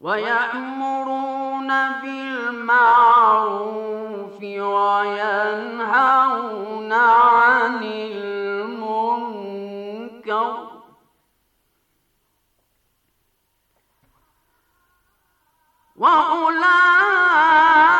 ويأمرون بالمعروف وينهون عن المنكر وأولئك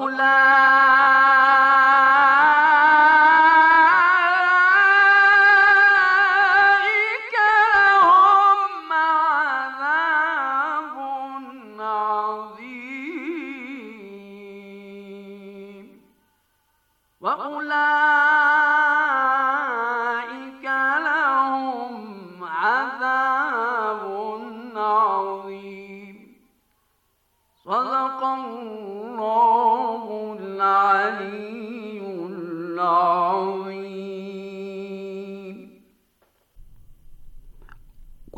أولئك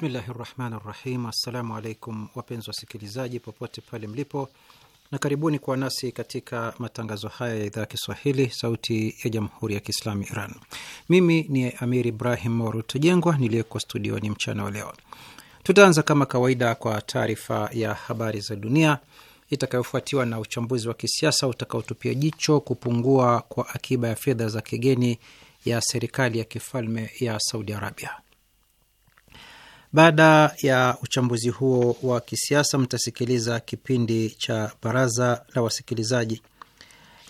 Bismillahi rahmani rahim. Assalamu alaikum wapenzi wasikilizaji popote pale mlipo, na karibuni kwa nasi katika matangazo haya ya idhaa ya Kiswahili sauti ya jamhuri ya Kiislamu Iran. Mimi ni Amir Ibrahim Rutujengwa niliyeko studioni mchana wa leo. Tutaanza kama kawaida kwa taarifa ya habari za dunia itakayofuatiwa na uchambuzi wa kisiasa utakaotupia jicho kupungua kwa akiba ya fedha za kigeni ya serikali ya kifalme ya Saudi Arabia. Baada ya uchambuzi huo wa kisiasa, mtasikiliza kipindi cha baraza la wasikilizaji.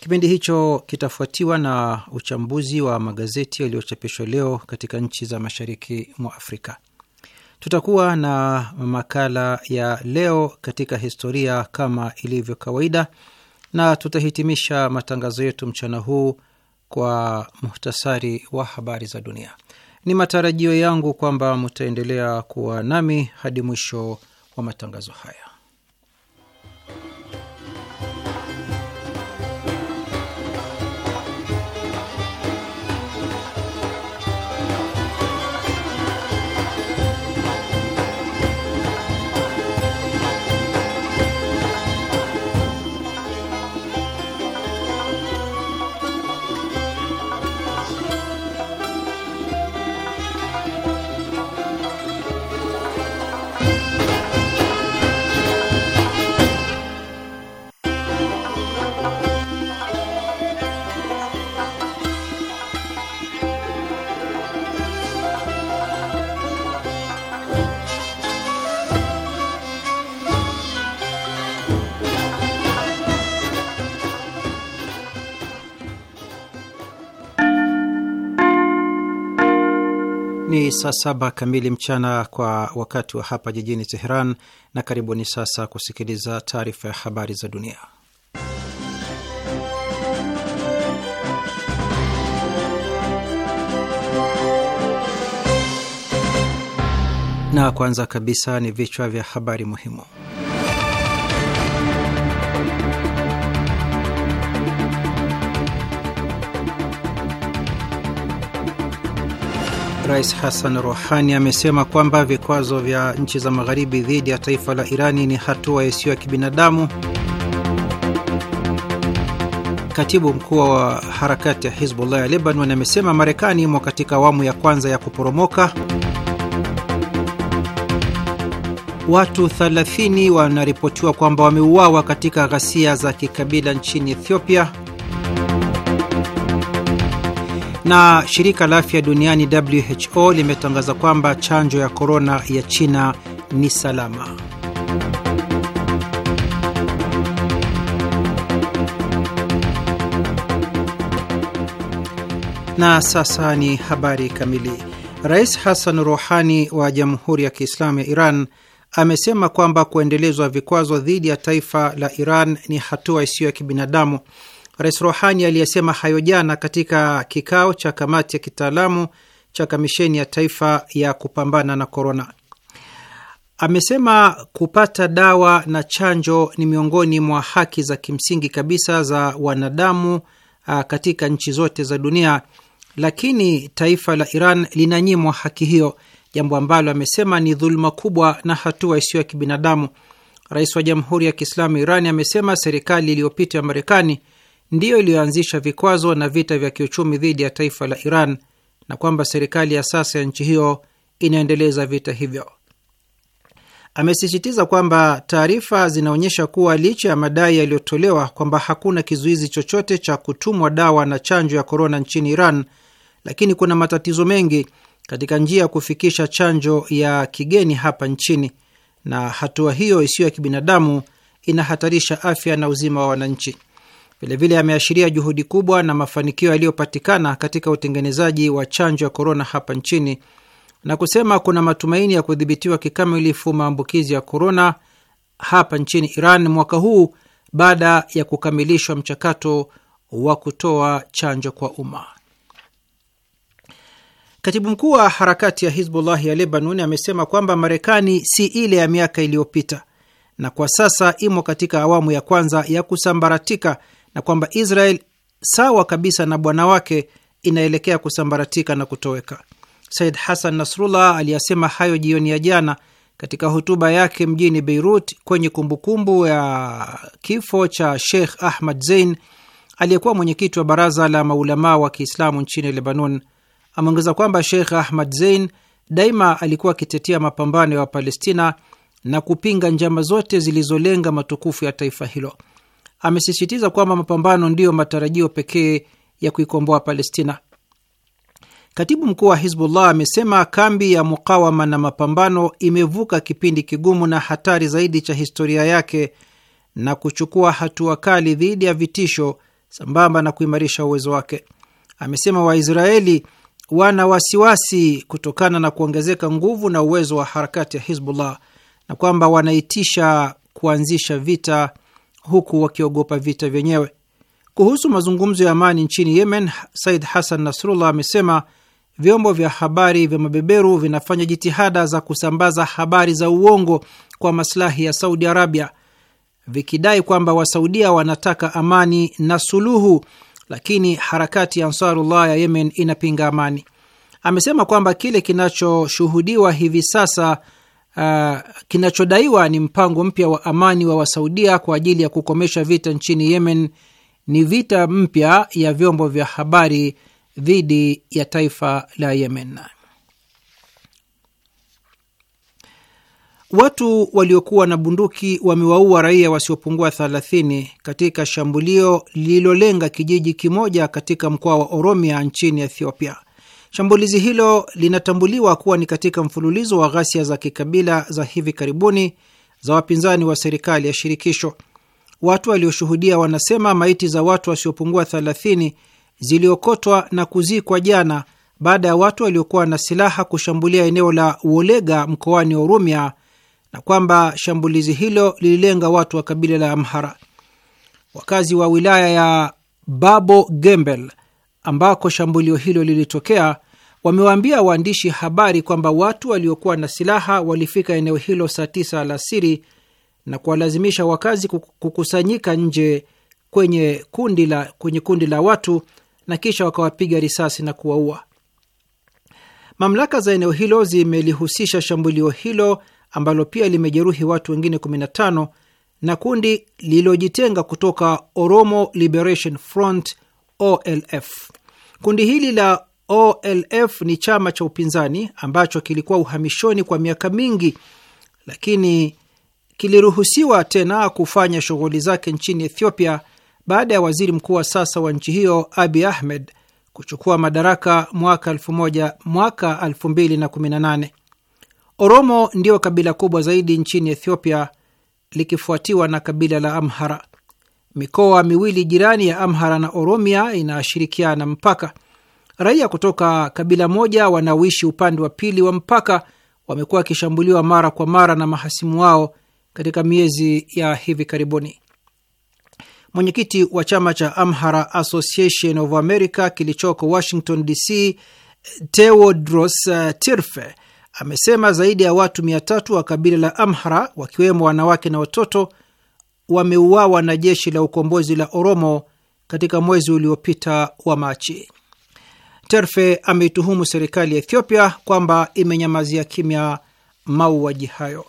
Kipindi hicho kitafuatiwa na uchambuzi wa magazeti yaliyochapishwa leo katika nchi za mashariki mwa Afrika. Tutakuwa na makala ya leo katika historia kama ilivyo kawaida, na tutahitimisha matangazo yetu mchana huu kwa muhtasari wa habari za dunia. Ni matarajio yangu kwamba mtaendelea kuwa nami hadi mwisho wa matangazo haya. ni saa saba kamili mchana kwa wakati wa hapa jijini Teheran, na karibuni sasa kusikiliza taarifa ya habari za dunia. Na kwanza kabisa ni vichwa vya habari muhimu. Rais Hassan Rouhani amesema kwamba vikwazo vya nchi za magharibi dhidi ya taifa la Irani ni hatua isiyo ya kibinadamu. Katibu mkuu wa harakati ya Hizbullah ya Lebanon amesema Marekani imo katika awamu ya kwanza ya kuporomoka. Watu 30 wanaripotiwa kwamba wameuawa katika ghasia za kikabila nchini Ethiopia. Na shirika la afya duniani WHO limetangaza kwamba chanjo ya korona ya China ni salama. Na sasa ni habari kamili. Rais Hassan Rouhani wa Jamhuri ya Kiislamu ya Iran amesema kwamba kuendelezwa vikwazo dhidi ya taifa la Iran ni hatua isiyo ya kibinadamu Rais Rohani aliyesema hayo jana katika kikao cha kamati ya kitaalamu cha kamisheni ya taifa ya kupambana na korona. Amesema kupata dawa na chanjo ni miongoni mwa haki za kimsingi kabisa za wanadamu a, katika nchi zote za dunia, lakini taifa la Iran linanyimwa haki hiyo, jambo ambalo amesema ni dhuluma kubwa na hatua isiyo ya kibinadamu. Rais wa Jamhuri ya Kiislamu iran amesema serikali iliyopita ya Marekani ndiyo iliyoanzisha vikwazo na vita vya kiuchumi dhidi ya taifa la Iran na kwamba serikali ya sasa ya nchi hiyo inaendeleza vita hivyo. Amesisitiza kwamba taarifa zinaonyesha kuwa licha ya madai yaliyotolewa kwamba hakuna kizuizi chochote cha kutumwa dawa na chanjo ya korona nchini Iran, lakini kuna matatizo mengi katika njia ya kufikisha chanjo ya kigeni hapa nchini, na hatua hiyo isiyo ya kibinadamu inahatarisha afya na uzima wa wananchi. Vilevile ameashiria juhudi kubwa na mafanikio yaliyopatikana katika utengenezaji wa chanjo ya korona hapa nchini na kusema kuna matumaini ya kudhibitiwa kikamilifu maambukizi ya korona hapa nchini Iran mwaka huu baada ya kukamilishwa mchakato wa kutoa chanjo kwa umma. Katibu mkuu wa harakati ya Hizbullah ya Lebanon amesema kwamba Marekani si ile ya miaka iliyopita na kwa sasa imo katika awamu ya kwanza ya kusambaratika na kwamba Israel sawa kabisa na bwana wake inaelekea kusambaratika na kutoweka. Said Hassan Nasrullah aliyasema hayo jioni ya jana katika hotuba yake mjini Beirut kwenye kumbukumbu ya kifo cha Sheikh Ahmad Zein aliyekuwa mwenyekiti wa baraza la maulamaa wa Kiislamu nchini Lebanon. Ameongeza kwamba Sheikh Ahmad Zein daima alikuwa akitetea mapambano ya Wapalestina na kupinga njama zote zilizolenga matukufu ya taifa hilo amesisitiza kwamba mapambano ndiyo matarajio pekee ya kuikomboa Palestina. Katibu mkuu wa Hizbullah amesema kambi ya mukawama na mapambano imevuka kipindi kigumu na hatari zaidi cha historia yake na kuchukua hatua kali dhidi ya vitisho sambamba na kuimarisha uwezo wake. Amesema Waisraeli wana wasiwasi kutokana na kuongezeka nguvu na uwezo wa harakati ya Hizbullah na kwamba wanaitisha kuanzisha vita huku wakiogopa vita vyenyewe. Kuhusu mazungumzo ya amani nchini Yemen, Said Hassan Nasrullah amesema vyombo vya habari vya mabeberu vinafanya jitihada za kusambaza habari za uongo kwa maslahi ya Saudi Arabia, vikidai kwamba Wasaudia wanataka amani na suluhu, lakini harakati ya Ansarullah ya Yemen inapinga amani. Amesema kwamba kile kinachoshuhudiwa hivi sasa uh, kinachodaiwa ni mpango mpya wa amani wa wasaudia kwa ajili ya kukomesha vita nchini Yemen ni vita mpya ya vyombo vya habari dhidi ya taifa la Yemen. Watu waliokuwa na bunduki wamewaua raia wasiopungua 30 katika shambulio lililolenga kijiji kimoja katika mkoa wa Oromia nchini Ethiopia. Shambulizi hilo linatambuliwa kuwa ni katika mfululizo wa ghasia za kikabila za hivi karibuni za wapinzani wa serikali ya shirikisho. Watu walioshuhudia wanasema maiti za watu wasiopungua 30 ziliokotwa na kuzikwa jana baada ya watu waliokuwa na silaha kushambulia eneo la Uolega mkoani Oromia na kwamba shambulizi hilo lililenga watu wa kabila la Amhara. Wakazi wa wilaya ya Babo Gembel ambako shambulio hilo lilitokea wamewaambia waandishi habari kwamba watu waliokuwa na silaha walifika eneo hilo saa tisa alasiri na kuwalazimisha wakazi kukusanyika nje kwenye kundi la, kwenye kundi la watu na kisha wakawapiga risasi na kuwaua. Mamlaka za eneo hilo zimelihusisha shambulio hilo ambalo pia limejeruhi watu wengine 15 na kundi lililojitenga kutoka Oromo Liberation Front OLF. Kundi hili la OLF ni chama cha upinzani ambacho kilikuwa uhamishoni kwa miaka mingi, lakini kiliruhusiwa tena kufanya shughuli zake nchini Ethiopia baada ya waziri mkuu wa sasa wa nchi hiyo Abi Ahmed kuchukua madaraka mwaka 2018. Oromo ndiyo kabila kubwa zaidi nchini Ethiopia likifuatiwa na kabila la Amhara. Mikoa miwili jirani ya Amhara na Oromia inashirikiana mpaka. Raia kutoka kabila moja wanaoishi upande wa pili wa mpaka wamekuwa wakishambuliwa mara kwa mara na mahasimu wao katika miezi ya hivi karibuni. Mwenyekiti wa chama cha Amhara Association of America kilichoko Washington DC, Tewodros eh, Tirfe amesema zaidi ya watu mia tatu wa kabila la Amhara, wakiwemo wanawake na watoto wameuawa na jeshi la ukombozi la Oromo katika mwezi uliopita wa Machi. Terfe ameituhumu serikali ya Ethiopia kwamba imenyamazia kimya mauaji hayo.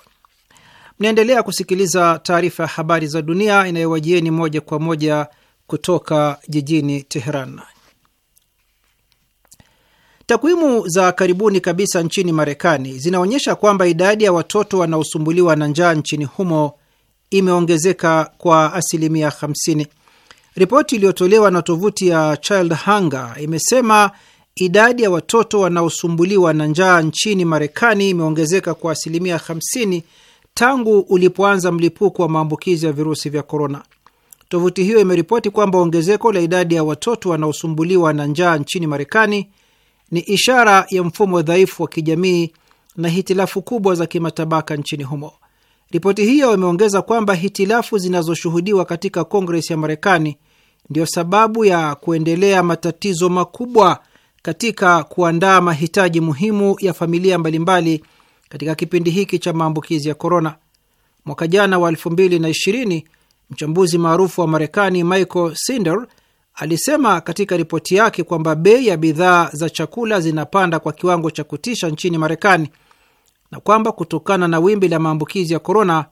Mnaendelea kusikiliza taarifa ya habari za dunia inayowajieni moja kwa moja kutoka jijini Teheran. Takwimu za karibuni kabisa nchini Marekani zinaonyesha kwamba idadi ya watoto wanaosumbuliwa na njaa nchini humo imeongezeka kwa asilimia 50. Ripoti iliyotolewa na tovuti ya Child Hunger imesema idadi ya watoto wanaosumbuliwa na njaa nchini Marekani imeongezeka kwa asilimia 50 tangu ulipoanza mlipuko wa maambukizi ya virusi vya korona. Tovuti hiyo imeripoti kwamba ongezeko la idadi ya watoto wanaosumbuliwa na njaa nchini Marekani ni ishara ya mfumo dhaifu wa kijamii na hitilafu kubwa za kimatabaka nchini humo. Ripoti hiyo imeongeza kwamba hitilafu zinazoshuhudiwa katika Kongres ya Marekani ndiyo sababu ya kuendelea matatizo makubwa katika kuandaa mahitaji muhimu ya familia mbalimbali katika kipindi hiki cha maambukizi ya korona. Mwaka jana wa 2020 mchambuzi maarufu wa Marekani Michael Sinder alisema katika ripoti yake kwamba bei ya bidhaa za chakula zinapanda kwa kiwango cha kutisha nchini Marekani na kwamba kutokana na wimbi la maambukizi ya korona,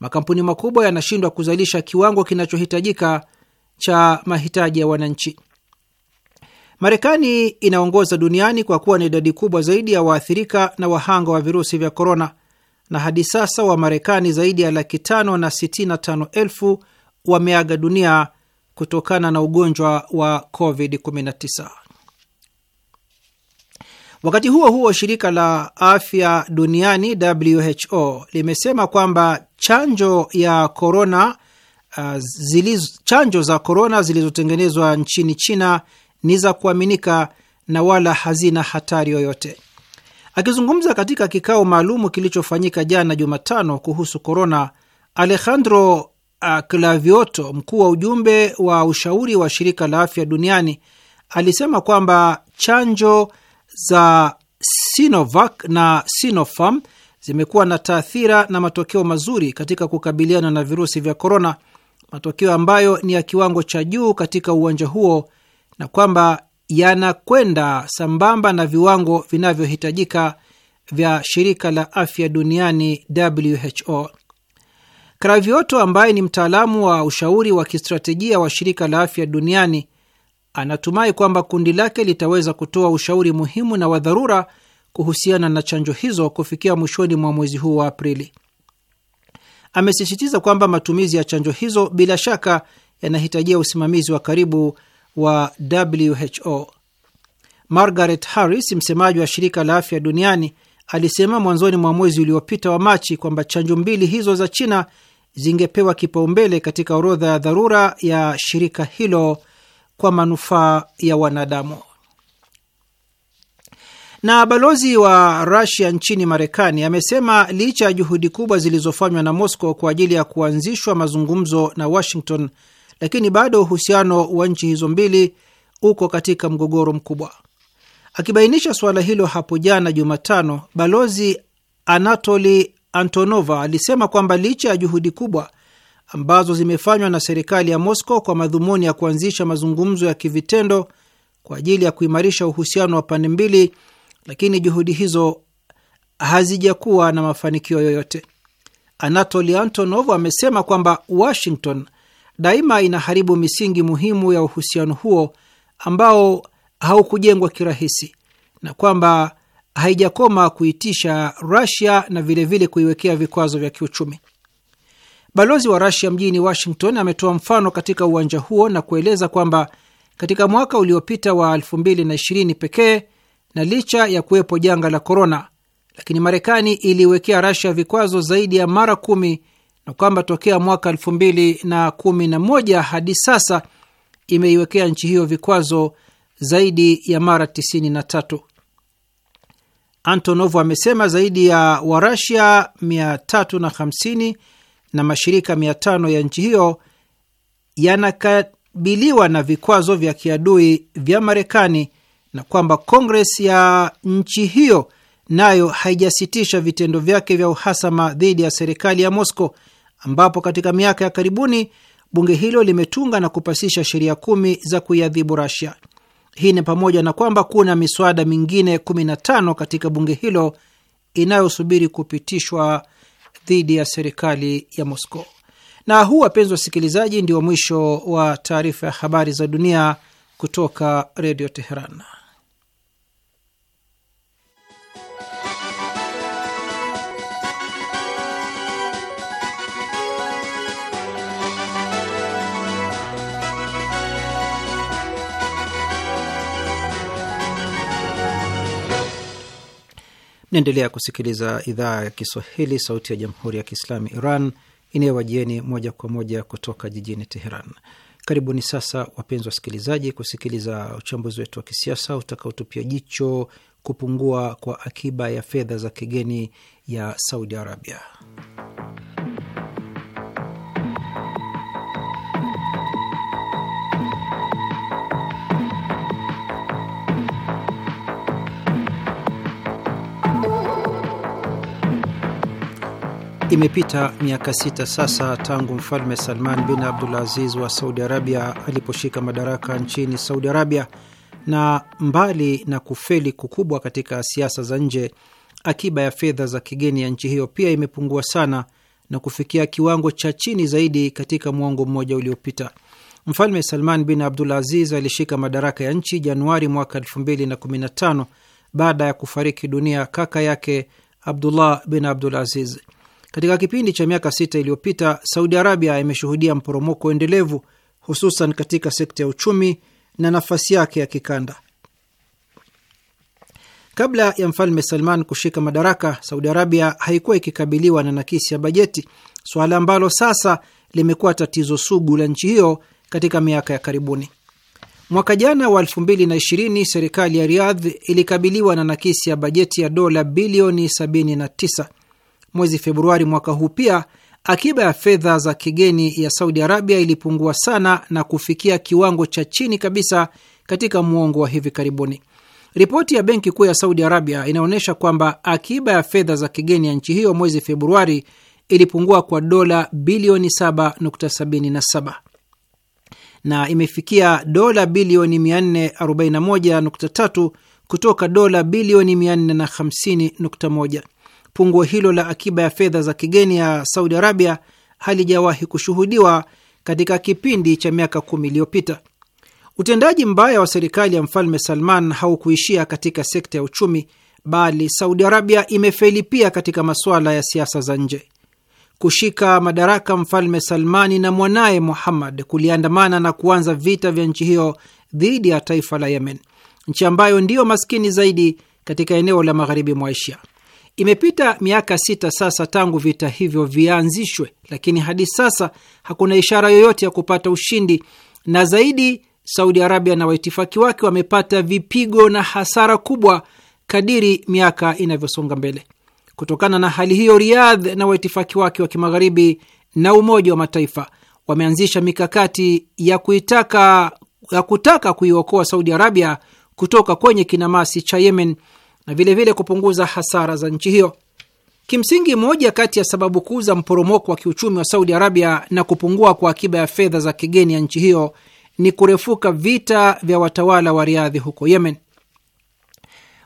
makampuni makubwa yanashindwa kuzalisha kiwango kinachohitajika cha mahitaji ya wananchi. Marekani inaongoza duniani kwa kuwa na idadi kubwa zaidi ya waathirika na wahanga wa virusi vya korona, na hadi sasa Wamarekani zaidi ya laki tano na sitini na tano elfu wameaga dunia kutokana na ugonjwa wa COVID-19. Wakati huo huo, shirika la afya duniani WHO limesema kwamba chanjo ya korona uh, zilizo, chanjo za korona zilizotengenezwa nchini China ni za kuaminika na wala hazina hatari yoyote. Akizungumza katika kikao maalum kilichofanyika jana Jumatano kuhusu korona, Alejandro uh, Clavioto, mkuu wa ujumbe wa ushauri wa shirika la afya duniani, alisema kwamba chanjo za Sinovac na Sinopharm zimekuwa na taathira na matokeo mazuri katika kukabiliana na virusi vya korona, matokeo ambayo ni ya kiwango cha juu katika uwanja huo na kwamba yanakwenda sambamba na viwango vinavyohitajika vya shirika la afya duniani WHO. Kravioto ambaye ni mtaalamu wa ushauri wa kistratejia wa shirika la afya duniani anatumai kwamba kundi lake litaweza kutoa ushauri muhimu na wa dharura kuhusiana na chanjo hizo kufikia mwishoni mwa mwezi huu wa Aprili. Amesisitiza kwamba matumizi ya chanjo hizo bila shaka yanahitajia usimamizi wa karibu wa WHO. Margaret Harris, msemaji wa shirika la afya duniani, alisema mwanzoni mwa mwezi uliopita wa Machi kwamba chanjo mbili hizo za China zingepewa kipaumbele katika orodha ya dharura ya shirika hilo kwa manufaa ya wanadamu. Na balozi wa Rasia nchini Marekani amesema licha ya juhudi kubwa zilizofanywa na Moscow kwa ajili ya kuanzishwa mazungumzo na Washington, lakini bado uhusiano wa nchi hizo mbili uko katika mgogoro mkubwa. Akibainisha suala hilo hapo jana Jumatano, balozi Anatoli Antonova alisema kwamba licha ya juhudi kubwa ambazo zimefanywa na serikali ya Moscow kwa madhumuni ya kuanzisha mazungumzo ya kivitendo kwa ajili ya kuimarisha uhusiano wa pande mbili, lakini juhudi hizo hazijakuwa na mafanikio yoyote. Anatoli Antonov amesema kwamba Washington daima inaharibu misingi muhimu ya uhusiano huo ambao haukujengwa kirahisi na kwamba haijakoma kuitisha rasia na vilevile kuiwekea vikwazo vya kiuchumi. Balozi wa Rasia mjini Washington ametoa mfano katika uwanja huo na kueleza kwamba katika mwaka uliopita wa 2020 pekee na licha ya kuwepo janga la korona, lakini Marekani iliiwekea Rasia vikwazo zaidi ya mara kumi na kwamba tokea mwaka 2011 hadi sasa imeiwekea nchi hiyo vikwazo zaidi ya mara 93. Antonov amesema zaidi ya Warasia 350 na mashirika tano ya nchi hiyo yanakabiliwa na vikwazo vya kiadui vya Marekani na kwamba Kongres ya nchi hiyo nayo haijasitisha vitendo vyake vya uhasama dhidi ya serikali ya Moscow, ambapo katika miaka ya karibuni bunge hilo limetunga na kupasisha sheria kumi za kuiadhibu Russia. Hii ni pamoja na kwamba kuna miswada mingine 15 katika bunge hilo inayosubiri kupitishwa dhidi ya serikali ya Moscow. Na huu, wapenzi wasikilizaji, ndio mwisho wa taarifa ya habari za dunia kutoka Redio Teheran. naendelea kusikiliza idhaa ya Kiswahili, sauti ya jamhuri ya kiislamu Iran inayowajieni moja kwa moja kutoka jijini Teheran. Karibuni sasa, wapenzi wasikilizaji, kusikiliza uchambuzi wetu wa kisiasa utakaotupia jicho kupungua kwa akiba ya fedha za kigeni ya Saudi Arabia. Imepita miaka sita sasa tangu mfalme Salman bin abdul aziz wa Saudi Arabia aliposhika madaraka nchini Saudi Arabia, na mbali na kufeli kukubwa katika siasa za nje, akiba ya fedha za kigeni ya nchi hiyo pia imepungua sana na kufikia kiwango cha chini zaidi katika mwongo mmoja uliopita. Mfalme Salman bin abdul aziz alishika madaraka ya nchi Januari mwaka 2015 baada ya kufariki dunia kaka yake Abdullah bin abdul aziz katika kipindi cha miaka sita iliyopita, Saudi Arabia imeshuhudia mporomoko endelevu, hususan katika sekta ya uchumi na nafasi yake ya kikanda. Kabla ya mfalme Salman kushika madaraka, Saudi Arabia haikuwa ikikabiliwa na nakisi ya bajeti, suala ambalo sasa limekuwa tatizo sugu la nchi hiyo katika miaka ya karibuni. Mwaka jana wa 2020 serikali ya Riyadh ilikabiliwa na nakisi ya bajeti ya dola bilioni 79 Mwezi Februari mwaka huu pia akiba ya fedha za kigeni ya Saudi Arabia ilipungua sana na kufikia kiwango cha chini kabisa katika muongo wa hivi karibuni. Ripoti ya benki kuu ya Saudi Arabia inaonyesha kwamba akiba ya fedha za kigeni ya nchi hiyo mwezi Februari ilipungua kwa dola bilioni 7.77 na imefikia dola bilioni 441.3 kutoka dola bilioni 450.1 punguo hilo la akiba ya fedha za kigeni ya Saudi Arabia halijawahi kushuhudiwa katika kipindi cha miaka kumi iliyopita. Utendaji mbaya wa serikali ya mfalme Salman haukuishia katika sekta ya uchumi, bali Saudi Arabia imefeli pia katika masuala ya siasa za nje. Kushika madaraka mfalme Salmani na mwanaye Muhammad kuliandamana na kuanza vita vya nchi hiyo dhidi ya taifa la Yemen, nchi ambayo ndiyo maskini zaidi katika eneo la magharibi mwa Asia. Imepita miaka sita sasa tangu vita hivyo vianzishwe, lakini hadi sasa hakuna ishara yoyote ya kupata ushindi, na zaidi, Saudi Arabia na waitifaki wake wamepata vipigo na hasara kubwa kadiri miaka inavyosonga mbele. Kutokana na hali hiyo, Riyadh na waitifaki wake wa kimagharibi na Umoja wa Mataifa wameanzisha mikakati ya kuitaka, ya kutaka kuiokoa Saudi Arabia kutoka kwenye kinamasi cha Yemen na vilevile vile kupunguza hasara za nchi hiyo. Kimsingi, moja kati ya sababu kuu za mporomoko wa kiuchumi wa Saudi Arabia na kupungua kwa akiba ya fedha za kigeni ya nchi hiyo ni kurefuka vita vya watawala wa Riadhi huko Yemen.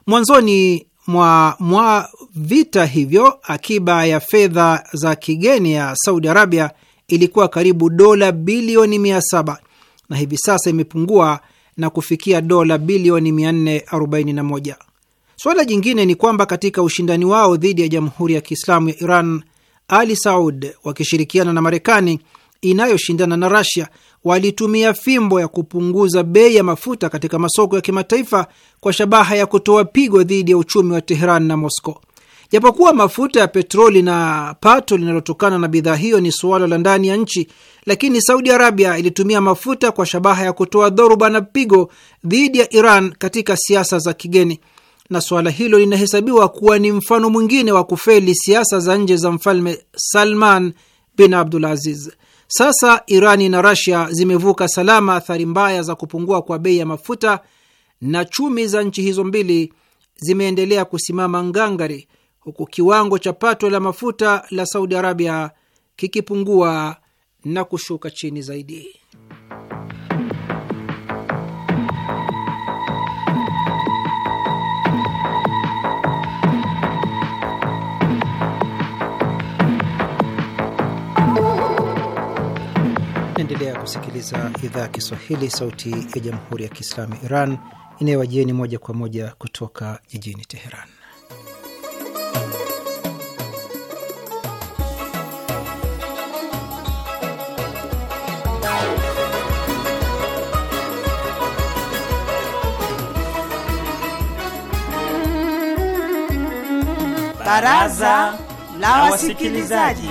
Mwanzoni mwa, mwa vita hivyo akiba ya fedha za kigeni ya Saudi Arabia ilikuwa karibu dola bilioni 700 na hivi sasa imepungua na kufikia dola bilioni 441. Suala jingine ni kwamba katika ushindani wao dhidi ya Jamhuri ya Kiislamu ya Iran, Ali Saud wakishirikiana na Marekani inayoshindana na Rasia walitumia fimbo ya kupunguza bei ya mafuta katika masoko ya kimataifa kwa shabaha ya kutoa pigo dhidi ya uchumi wa Teheran na Moscow. Japokuwa mafuta ya petroli na pato linalotokana na bidhaa hiyo ni suala la ndani ya nchi, lakini Saudi Arabia ilitumia mafuta kwa shabaha ya kutoa dhoruba na pigo dhidi ya Iran katika siasa za kigeni na suala hilo linahesabiwa kuwa ni mfano mwingine wa kufeli siasa za nje za mfalme Salman bin Abdulaziz. Sasa Irani na Rasia zimevuka salama athari mbaya za kupungua kwa bei ya mafuta na chumi za nchi hizo mbili zimeendelea kusimama ngangari, huku kiwango cha pato la mafuta la Saudi Arabia kikipungua na kushuka chini zaidi. Naendelea kusikiliza idhaa ya Kiswahili, sauti ya jamhuri ya kiislamu Iran inayowajieni moja kwa moja kutoka jijini Teheran. Baraza la Wasikilizaji.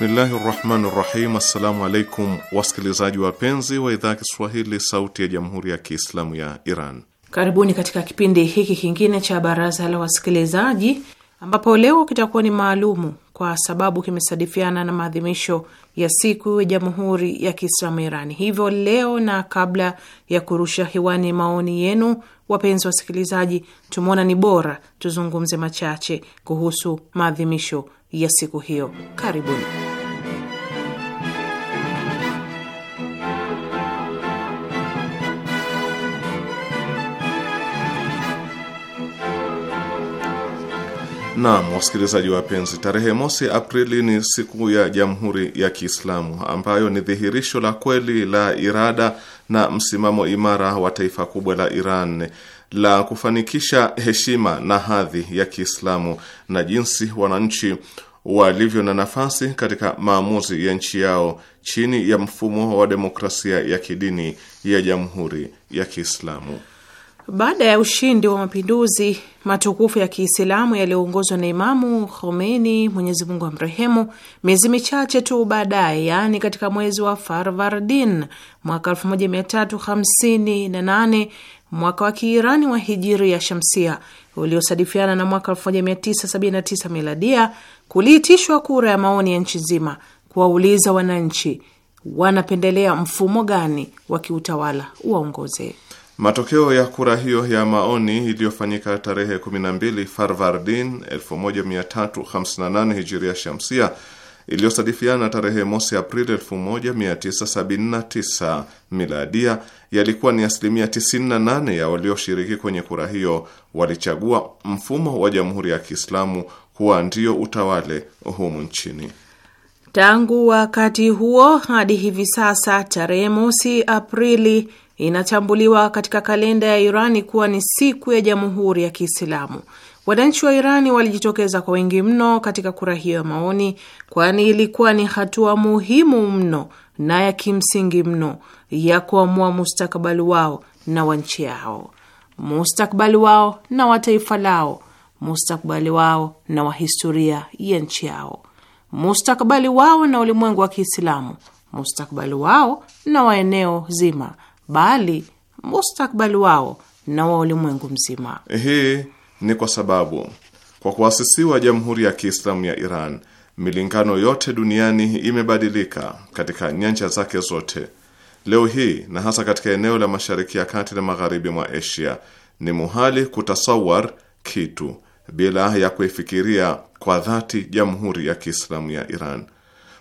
Bismillahi rahmani rahim. Assalamu alaikum wasikilizaji wapenzi wa idhaa Kiswahili sauti ya jamhuri ya Kiislamu ya Iran, karibuni katika kipindi hiki kingine cha baraza la wasikilizaji, ambapo leo kitakuwa ni maalumu kwa sababu kimesadifiana na maadhimisho ya siku ya jamhuri ya Kiislamu ya Iran. Hivyo leo na kabla ya kurusha hewani maoni yenu wapenzi wasikilizaji, tumeona ni bora tuzungumze machache kuhusu maadhimisho ya siku hiyo. Karibuni. Naam, wasikilizaji wapenzi, tarehe mosi Aprili ni siku ya Jamhuri ya Kiislamu ambayo ni dhihirisho la kweli la irada na msimamo imara wa taifa kubwa la Iran la kufanikisha heshima na hadhi ya Kiislamu na jinsi wananchi walivyo na nafasi katika maamuzi ya nchi yao chini ya mfumo wa demokrasia ya kidini ya Jamhuri ya Kiislamu. Baada ya ushindi wa mapinduzi matukufu ya Kiislamu yaliyoongozwa na Imamu Khomeini, Mwenyezi Mungu amrehemu, miezi michache tu baadaye, yaani katika mwezi wa Farvardin mwaka 1358, mwaka wa Kiirani wa hijiri ya shamsia uliosadifiana na mwaka 1979 miladia, kuliitishwa kura ya maoni ya nchi nzima kuwauliza wananchi wanapendelea mfumo gani wa kiutawala uwaongoze. Matokeo ya kura hiyo ya maoni iliyofanyika tarehe 12 Farvardin 1358 hijiria shamsia iliyosadifiana na tarehe mosi Aprili 1979 miladia, yalikuwa ni asilimia 98 ya walioshiriki kwenye kura hiyo walichagua mfumo wa Jamhuri ya Kiislamu kuwa ndio utawale humu nchini. Tangu wakati huo hadi hivi sasa, tarehe mosi Aprili inatambuliwa katika kalenda ya Irani kuwa ni siku ya Jamhuri ya Kiislamu. Wananchi wa Irani walijitokeza kwa wingi mno katika kura hiyo ya maoni, kwani ilikuwa ni hatua muhimu mno na ya kimsingi mno ya kuamua mustakabali wao na wa nchi yao, mustakabali wao na wa taifa lao, mustakabali wao na wa historia ya nchi yao, mustakabali wao na ulimwengu wa Kiislamu, mustakabali wao na wa eneo zima, bali mustakabali wao na wa ulimwengu mzima. Ehe ni kwa sababu kwa kuasisiwa Jamhuri ya Kiislamu ya Iran, milingano yote duniani imebadilika katika nyanja zake zote. Leo hii na hasa katika eneo la Mashariki ya Kati na magharibi mwa Asia, ni muhali kutasawar kitu bila ya kuifikiria kwa dhati Jamhuri ya Kiislamu ya Iran.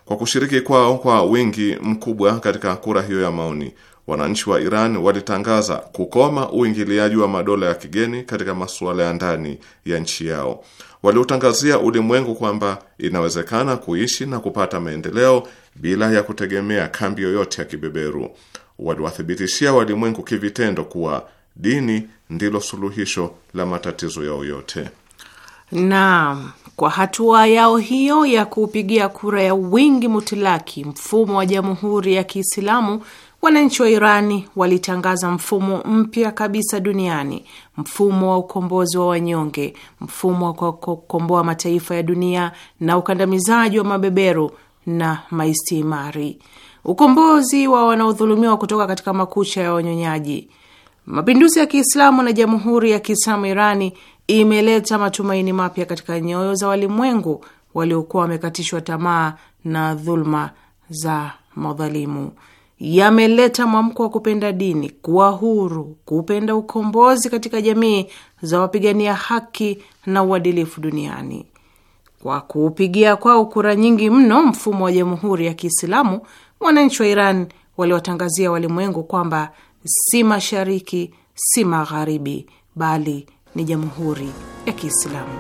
Kwa kushiriki kwao kwa wingi mkubwa katika kura hiyo ya maoni, wananchi wa Iran walitangaza kukoma uingiliaji wa madola ya kigeni katika masuala ya ndani ya nchi yao. Waliutangazia ulimwengu kwamba inawezekana kuishi na kupata maendeleo bila ya kutegemea kambi yoyote ya kibeberu. Waliwathibitishia walimwengu kivitendo kuwa dini ndilo suluhisho la matatizo yao yote. Naam, kwa hatua yao hiyo ya kuupigia kura ya wingi mutilaki mfumo wa Jamhuri ya Kiislamu Wananchi wa Irani walitangaza mfumo mpya kabisa duniani, mfumo wa ukombozi wa wanyonge, mfumo wa kukomboa mataifa ya dunia na ukandamizaji wa mabeberu na maistimari, ukombozi wa wanaodhulumiwa kutoka katika makucha ya wanyonyaji. Mapinduzi ya Kiislamu na Jamhuri ya Kiislamu Irani imeleta matumaini mapya katika nyoyo za walimwengu waliokuwa wamekatishwa tamaa na dhuluma za madhalimu yameleta mwamko wa kupenda dini, kuwa huru, kupenda ukombozi katika jamii za wapigania haki na uadilifu duniani. Kwa kuupigia kwao kura nyingi mno mfumo wa Jamhuri ya Kiislamu, wananchi wa Iran waliwatangazia walimwengu kwamba si mashariki si magharibi, bali ni Jamhuri ya Kiislamu.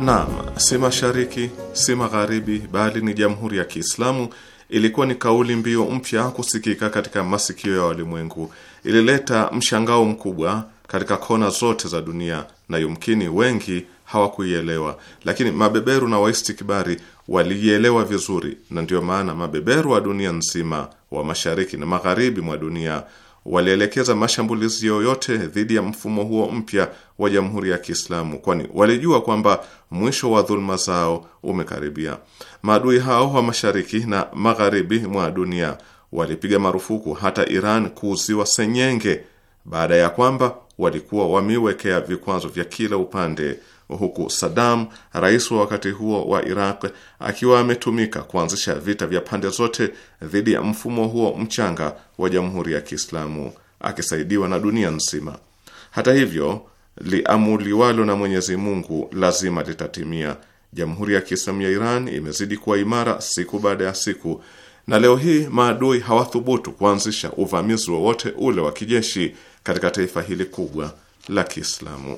Naam, si mashariki si magharibi, bali ni Jamhuri ya Kiislamu ilikuwa ni kauli mbiu mpya kusikika katika masikio ya walimwengu. Ilileta mshangao mkubwa katika kona zote za dunia, na yumkini wengi hawakuielewa, lakini mabeberu na waistikibari waliielewa vizuri, na ndiyo maana mabeberu wa dunia nzima wa mashariki na magharibi mwa dunia walielekeza mashambulizi yoyote dhidi ya mfumo huo mpya wa Jamhuri ya Kiislamu, kwani walijua kwamba mwisho wa dhuluma zao umekaribia. Maadui hao wa mashariki na magharibi mwa dunia walipiga marufuku hata Iran kuuziwa senyenge baada ya kwamba walikuwa wameiwekea vikwazo vya kila upande huku Saddam, rais wa wakati huo wa Iraq, akiwa ametumika kuanzisha vita vya pande zote dhidi ya mfumo huo mchanga wa Jamhuri ya Kiislamu akisaidiwa na dunia nzima. Hata hivyo, liamuliwalo na Mwenyezi Mungu lazima litatimia. Jamhuri ya Kiislamu ya Iran imezidi kuwa imara siku baada ya siku, na leo hii maadui hawathubutu kuanzisha uvamizi wowote ule wa kijeshi katika taifa hili kubwa la Kiislamu.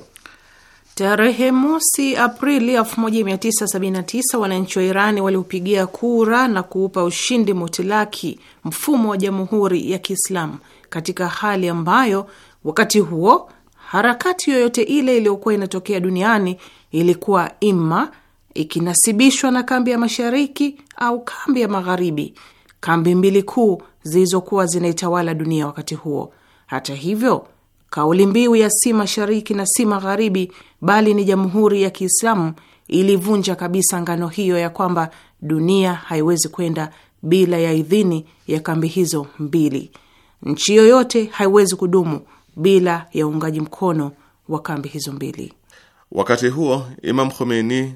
Tarehe mosi Aprili 1979 wananchi wa Irani waliupigia kura na kuupa ushindi mutilaki mfumo wa jamhuri ya Kiislamu, katika hali ambayo wakati huo harakati yoyote ile iliyokuwa inatokea duniani ilikuwa ima ikinasibishwa na kambi ya mashariki au kambi ya magharibi, kambi mbili kuu zilizokuwa zinaitawala dunia wakati huo. Hata hivyo, kauli mbiu ya si mashariki na si magharibi bali ni Jamhuri ya Kiislamu ilivunja kabisa ngano hiyo ya kwamba dunia haiwezi kwenda bila ya idhini ya kambi hizo mbili. Nchi yoyote haiwezi kudumu bila ya uungaji mkono wa kambi hizo mbili. Wakati huo Imam Khomeini,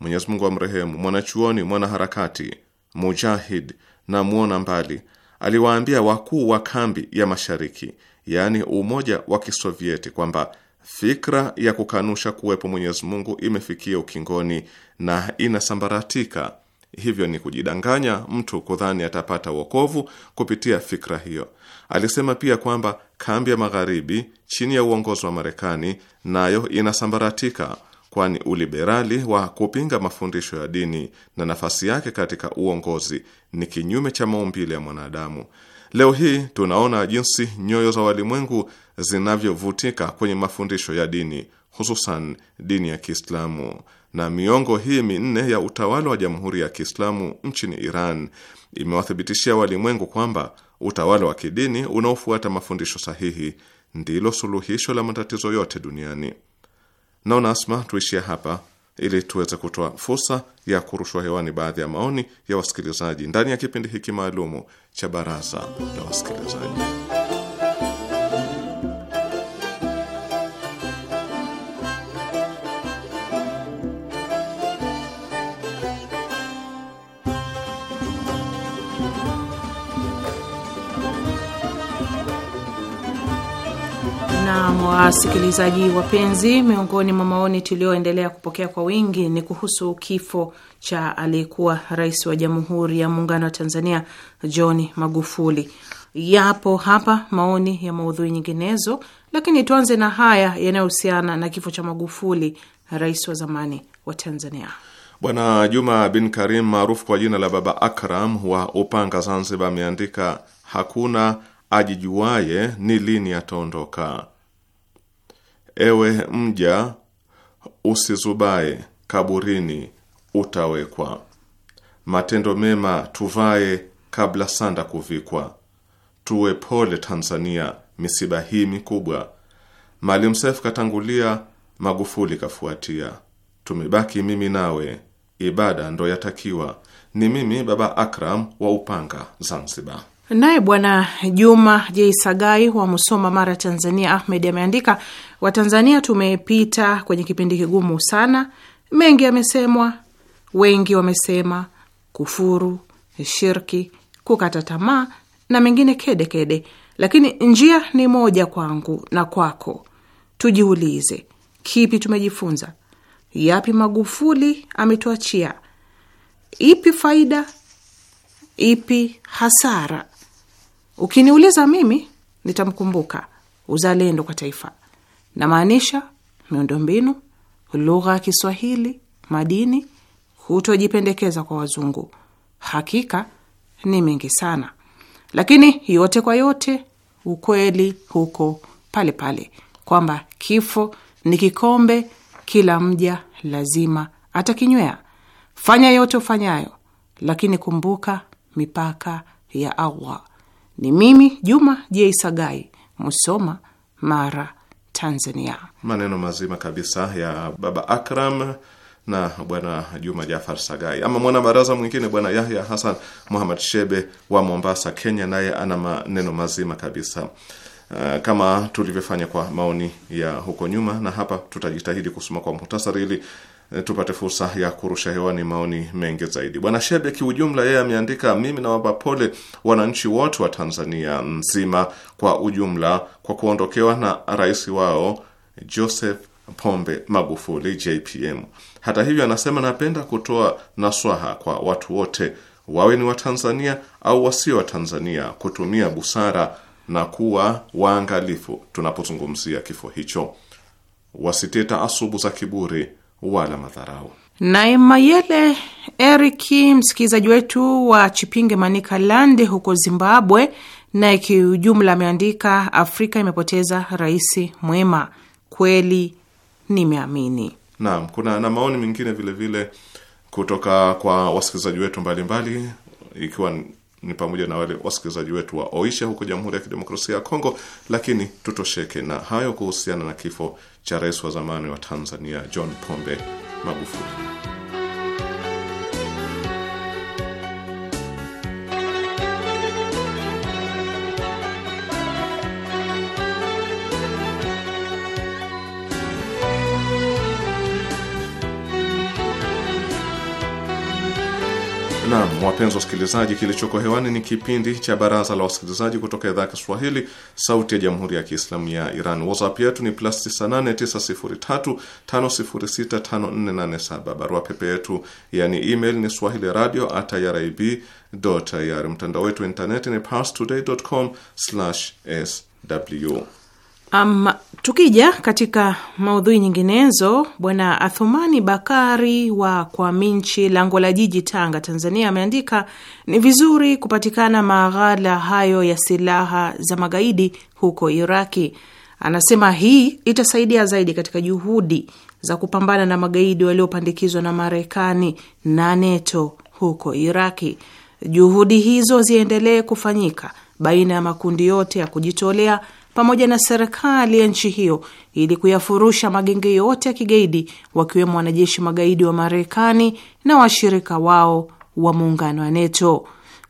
Mwenyezi Mungu amrehemu, mwanachuoni, mwanaharakati, mujahid na mwona mbali, aliwaambia wakuu wa kambi ya mashariki, yaani Umoja wa Kisovieti, kwamba fikra ya kukanusha kuwepo Mwenyezi Mungu imefikia ukingoni na inasambaratika. Hivyo ni kujidanganya mtu kudhani atapata wokovu kupitia fikra hiyo. Alisema pia kwamba kambi ya magharibi chini ya uongozi wa Marekani nayo inasambaratika, kwani uliberali wa kupinga mafundisho ya dini na nafasi yake katika uongozi ni kinyume cha maumbile ya mwanadamu. Leo hii tunaona jinsi nyoyo za walimwengu zinavyovutika kwenye mafundisho ya dini, hususan dini ya Kiislamu. Na miongo hii minne ya utawala wa Jamhuri ya Kiislamu nchini Iran imewathibitishia walimwengu kwamba utawala wa kidini unaofuata mafundisho sahihi ndilo suluhisho la matatizo yote duniani. Naona Asma, tuishie hapa ili tuweze kutoa fursa ya kurushwa hewani baadhi ya maoni ya wasikilizaji ndani ya kipindi hiki maalumu cha baraza la wasikilizaji. Naam, wasikilizaji wapenzi, miongoni mwa maoni tulioendelea kupokea kwa wingi ni kuhusu kifo cha aliyekuwa rais wa Jamhuri ya Muungano wa Tanzania John Magufuli. Yapo hapa maoni ya maudhui nyinginezo, lakini tuanze na haya yanayohusiana na kifo cha Magufuli, rais wa zamani wa Tanzania. Bwana Juma bin Karim maarufu kwa jina la Baba Akram wa Upanga, Zanzibar, ameandika hakuna ajijuaye ni lini ataondoka Ewe mja usizubae, kaburini utawekwa. Matendo mema tuvae, kabla sanda kuvikwa. Tuwe pole Tanzania, misiba hii mikubwa. Maalim Seif katangulia, Magufuli kafuatia. Tumebaki mimi nawe, ibada ndo yatakiwa. Ni mimi Baba Akram wa Upanga, Zanzibar. Naye Bwana Juma J Sagai wa Musoma, Mara, Tanzania, Ahmed ameandika, Watanzania tumepita kwenye kipindi kigumu sana. Mengi yamesemwa, wengi wamesema, kufuru, shirki, kukata tamaa na mengine kede kede, lakini njia ni moja kwangu na kwako. Tujiulize, kipi tumejifunza? Yapi Magufuli ametuachia? Ipi faida, ipi hasara? Ukiniuliza mimi nitamkumbuka uzalendo kwa taifa, namaanisha miundombinu, lugha ya Kiswahili, madini, kutojipendekeza kwa wazungu. Hakika ni mengi sana, lakini yote kwa yote, ukweli huko pale pale kwamba kifo ni kikombe, kila mja lazima atakinywea. Fanya yote ufanyayo, lakini kumbuka mipaka ya Allah. Ni mimi Juma J Sagai, Musoma, Mara, Tanzania. Maneno mazima kabisa ya Baba Akram na Bwana Juma Jafar Sagai. Ama mwana baraza mwingine Bwana Yahya Hasan Muhammad Shebe wa Mombasa, Kenya, naye ana maneno mazima kabisa uh, kama tulivyofanya kwa maoni ya huko nyuma, na hapa tutajitahidi kusoma kwa muhtasari ili Eh, tupate fursa ya kurusha hewani maoni mengi zaidi. Bwana Shebe kiujumla, yeye ameandika, mimi nawapa pole wananchi wote wa Tanzania mzima kwa ujumla kwa kuondokewa na rais wao Joseph Pombe Magufuli JPM. Hata hivyo, anasema napenda kutoa naswaha kwa watu wote, wawe ni Watanzania au wasio Watanzania, kutumia busara na kuwa waangalifu tunapozungumzia kifo hicho, wasitie taasubu za kiburi wala madharau. Naye Mayele Eriki, msikilizaji wetu wa Chipinge, Land huko Zimbabwe, naye kiujumla ameandika Afrika imepoteza rais mwema, kweli nimeamini. Naam, kuna na maoni mengine vilevile kutoka kwa wasikilizaji wetu mbalimbali, ikiwa ni pamoja na wale wasikilizaji wetu wa Oisha huko Jamhuri ya Kidemokrasia ya Kongo, lakini tutosheke na hayo kuhusiana na kifo cha rais wa zamani wa Tanzania John Pombe Magufuli. Wapenzi wasikilizaji, kilichoko hewani ni kipindi cha baraza la wasikilizaji kutoka idhaa ya Kiswahili, sauti ya jamhuri ya kiislamu ya Iran. WhatsApp yetu ni plus 989035065487. Barua pepe yetu yani email ni swahili radio at irib ir. Mtandao wetu wa intaneti ni parstoday.com sw. Tukija katika maudhui nyinginezo, Bwana Athumani Bakari wa Kwaminchi, lango la jiji, Tanga, Tanzania, ameandika ni vizuri kupatikana maghala hayo ya silaha za magaidi huko Iraki. Anasema hii itasaidia zaidi katika juhudi za kupambana na magaidi waliopandikizwa na Marekani na NATO huko Iraki. Juhudi hizo ziendelee kufanyika baina ya makundi yote ya kujitolea pamoja na serikali ya nchi hiyo ili kuyafurusha magenge yote ya kigaidi wakiwemo wanajeshi magaidi wa Marekani na washirika wao wa muungano wa NATO.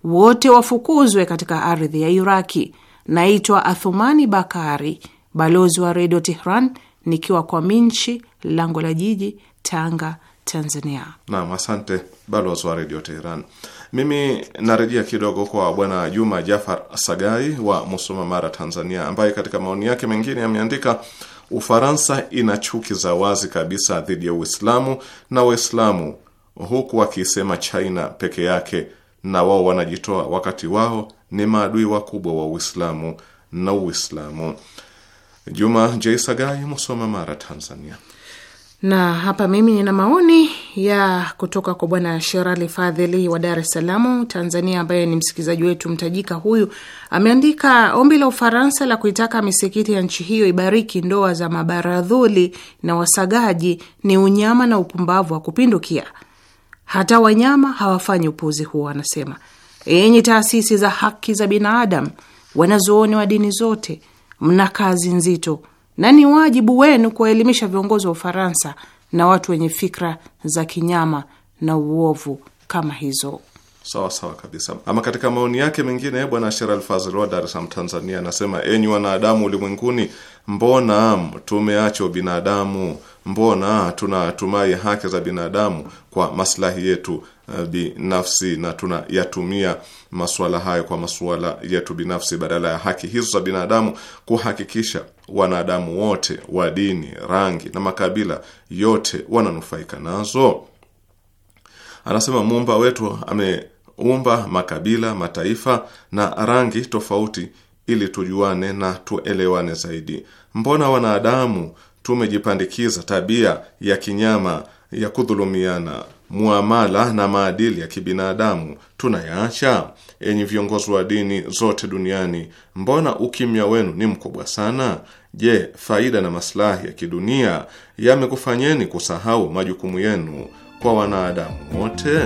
Wote wafukuzwe katika ardhi ya Iraki. Naitwa Athumani Bakari, balozi wa Redio Tehran, nikiwa kwa Minchi, lango la jiji, Tanga, Tanzania. Naam, asante balozi wa redio Teheran. Mimi narejea kidogo kwa bwana Juma Jafar Sagai wa Musoma, Mara, Tanzania, ambaye katika maoni yake mengine ameandika Ufaransa ina chuki za wazi kabisa dhidi ya Uislamu na Waislamu, huku wakisema China peke yake na wao wanajitoa, wakati wao ni maadui wakubwa wa Uislamu na Uislamu. Juma J Sagai, Musoma, Mara, Tanzania. Na hapa mimi nina maoni ya kutoka kwa bwana Sherali Fadhili wa Dar es Salaam, Tanzania, ambaye ni msikilizaji wetu mtajika. Huyu ameandika ombi la Ufaransa la kuitaka misikiti ya nchi hiyo ibariki ndoa za mabaradhuli na wasagaji ni unyama na upumbavu wa kupindukia. Hata wanyama hawafanyi upuzi huo, anasema. Enyi taasisi za haki za binadamu, wanazuoni wa dini zote, mna kazi nzito na ni wajibu wenu kuwaelimisha viongozi wa Ufaransa na watu wenye fikra za kinyama na uovu kama hizo. Sawa sawa kabisa. Ama katika maoni yake mengine, bwana Ashera alfazl wa Dar es Salaam, Tanzania, anasema enyi wanadamu ulimwenguni, mbona tumeacha binadamu? Mbona tunatumai haki za binadamu kwa maslahi yetu Eh, binafsi na tunayatumia masuala hayo kwa masuala yetu binafsi badala ya haki hizo za binadamu kuhakikisha wanadamu wote wa dini, rangi na makabila yote wananufaika nazo. Anasema muumba wetu ameumba makabila, mataifa na rangi tofauti ili tujuane na tuelewane zaidi. Mbona wanadamu tumejipandikiza tabia ya kinyama ya kudhulumiana muamala na maadili ya kibinadamu tunayaacha? Enyi viongozi wa dini zote duniani, mbona ukimya wenu ni mkubwa sana? Je, faida na maslahi ya kidunia yamekufanyeni kusahau majukumu yenu kwa wanadamu wote?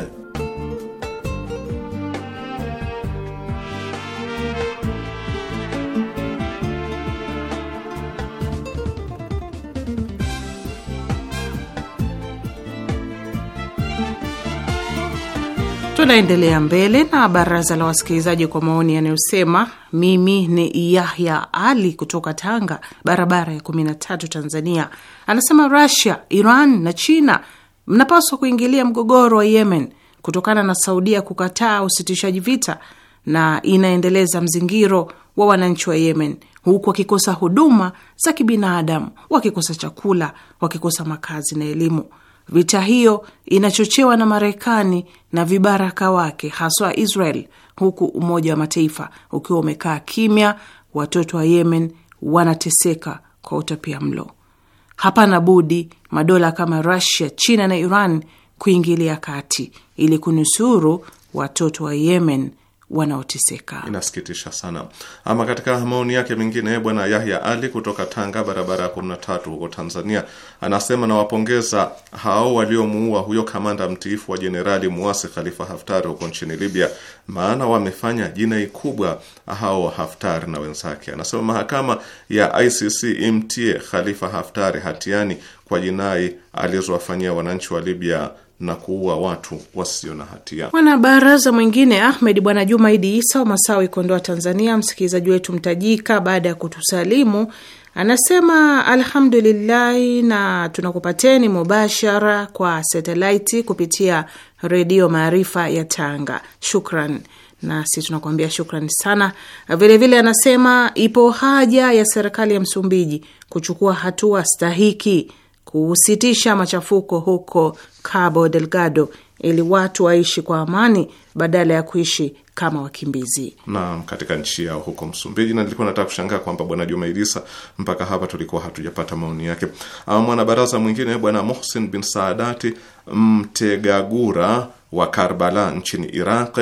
Tunaendelea mbele na baraza la wasikilizaji kwa maoni yanayosema, mimi ni Yahya Ali kutoka Tanga, barabara ya 13, Tanzania. Anasema Rusia, Iran na China mnapaswa kuingilia mgogoro wa Yemen kutokana na Saudia kukataa usitishaji vita na inaendeleza mzingiro wa wananchi wa Yemen, huku wakikosa huduma za kibinadamu, wakikosa chakula, wakikosa makazi na elimu. Vita hiyo inachochewa na Marekani na vibaraka wake haswa Israel, huku Umoja wa Mataifa ukiwa umekaa kimya. Watoto wa Yemen wanateseka kwa utapia mlo. Hapana budi madola kama Rusia, China na Iran kuingilia kati ili kunusuru watoto wa Yemen wanaoteseka. Inasikitisha sana. Ama katika maoni yake mengine, bwana Yahya Ali kutoka Tanga, barabara ya kumi na tatu huko Tanzania, anasema nawapongeza hao waliomuua huyo kamanda mtiifu wa jenerali muasi Khalifa Haftar huko nchini Libya, maana wamefanya jinai kubwa hao Haftar na wenzake. Anasema mahakama ya ICC imtie Khalifa Haftari hatiani kwa jinai alizowafanyia wananchi wa Libya na kuua watu wasio na hatia. Mwanabaraza mwingine Ahmed Bwana Jumaidi Isa wa Masawi, Kondoa, Tanzania, msikilizaji wetu mtajika, baada ya kutusalimu anasema alhamdulillahi, na tunakupateni mubashara kwa satelaiti kupitia Redio Maarifa ya Tanga. Shukran. Nasi tunakuambia shukrani sana. Vilevile vile anasema ipo haja ya serikali ya Msumbiji kuchukua hatua stahiki kusitisha machafuko huko Cabo Delgado ili watu waishi kwa amani badala ya kuishi kama wakimbizi naam, katika nchi yao huko Msumbiji. Na nilikuwa nataka kushangaa kwamba bwana Juma Idisa, mpaka hapa tulikuwa hatujapata maoni yake. Ah, mwanabaraza mwingine bwana Mohsin bin Saadati Mtegagura wa Karbala nchini Iraq.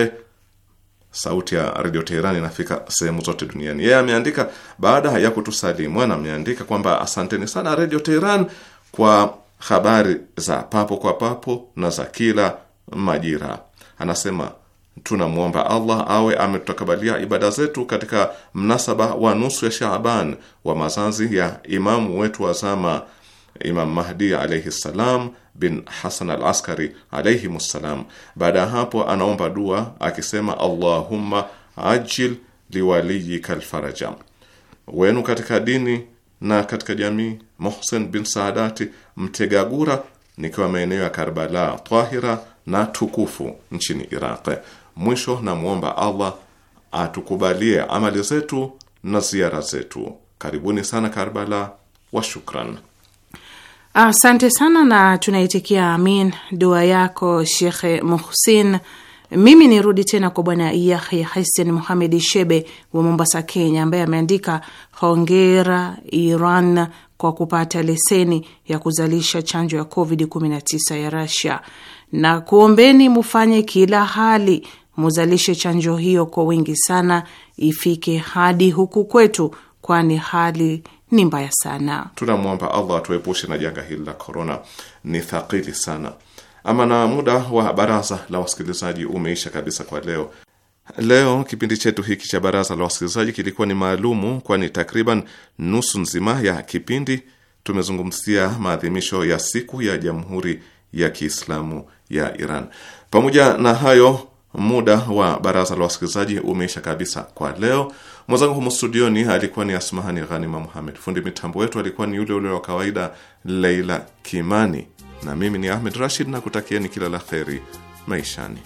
Sauti ya redio Teherani inafika sehemu zote duniani. Yeye ameandika baada ya kutusalimu, na ameandika kwamba asanteni sana redio Teheran kwa habari za papo kwa papo na za kila majira. Anasema tunamwomba Allah awe ametutakabalia ibada zetu katika mnasaba wa nusu ya Shaaban wa mazazi ya imamu wetu wa zama Imam Mahdi alaihi salam bin Hasan al Askari alaihim ssalam. Baada ya hapo, anaomba dua akisema, Allahumma ajil liwaliyika lfaraja wenu katika dini na katika jamii Mohsen bin Saadati Mtegagura, nikiwa maeneo ya Karbala Tahira na tukufu nchini Iraq. Mwisho namwomba Allah atukubalie amali zetu na ziara zetu. Karibuni sana Karbala wa shukran. Asante sana, na tunaitikia amin dua yako Shekhe Muhsin. Mimi nirudi tena kwa Bwana Yahya Hasen Muhamedi Shebe wa Mombasa, Kenya, ambaye ameandika hongera Iran kwa kupata leseni ya kuzalisha chanjo ya COVID-19 ya Russia, na kuombeni mufanye kila hali muzalishe chanjo hiyo kwa wingi sana, ifike hadi huku kwetu, kwani hali ni mbaya sana. Tunamwomba Allah atuepushe na janga hili la korona, ni thakili sana. Ama na muda wa baraza la wasikilizaji umeisha kabisa kwa leo. Leo kipindi chetu hiki cha baraza la wasikilizaji kilikuwa ni maalumu, kwani takriban nusu nzima ya kipindi tumezungumzia maadhimisho ya siku ya Jamhuri ya Kiislamu ya Iran. Pamoja na hayo, muda wa baraza la wasikilizaji umeisha kabisa kwa leo. Mwenzangu humu studioni alikuwa ni Asmahani Ghanima Muhamed, fundi mitambo wetu alikuwa ni yule ule wa kawaida Leila Kimani, na mimi ni Ahmed Rashid na kutakieni kila la kheri maishani.